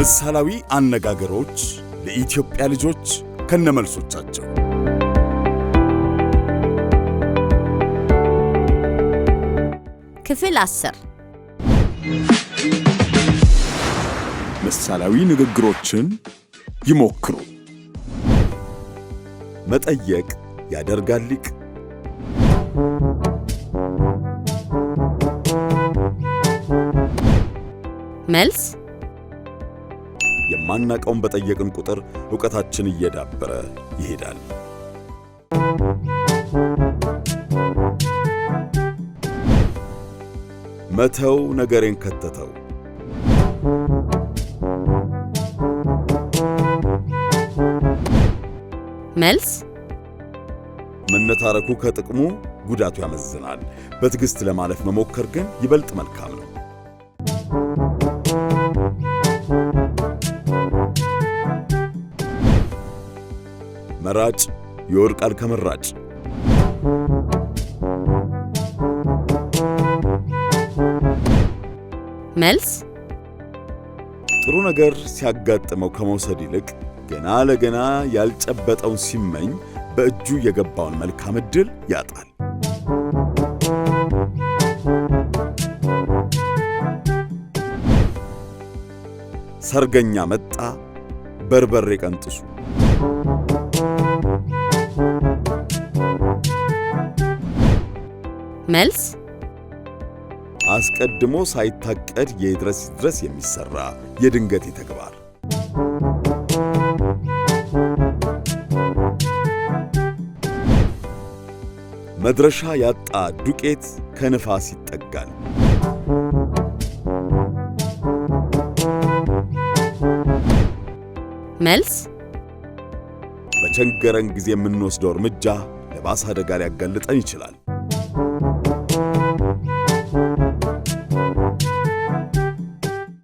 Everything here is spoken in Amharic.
ምሳሌያዊ አነጋገሮች ለኢትዮጵያ ልጆች ከነመልሶቻቸው ክፍል አስር ምሳሌያዊ ንግግሮችን ይሞክሩ። መጠየቅ ያደርጋል ሊቅ። መልስ የማናቀውን በጠየቅን ቁጥር ዕውቀታችን እየዳበረ ይሄዳል። መተው ነገሬን ከተተው። መልስ መነታረኩ ከጥቅሙ ጉዳቱ ያመዝናል። በትዕግሥት ለማለፍ መሞከር ግን ይበልጥ መልካም ነው። መራጭ ይወድቃል ከመራጭ። መልስ ጥሩ ነገር ሲያጋጥመው ከመውሰድ ይልቅ ገና ለገና ያልጨበጠውን ሲመኝ በእጁ የገባውን መልካም ዕድል ያጣል። ሰርገኛ መጣ፣ በርበሬ ቀንጥሱ። መልስ አስቀድሞ ሳይታቀድ የድረስ ድረስ የሚሰራ የድንገት ተግባር። መድረሻ ያጣ ዱቄት ከንፋስ ይጠጋል። መልስ በቸንገረን ጊዜ የምንወስደው እርምጃ ለባሰ አደጋ ሊያጋልጠን ይችላል።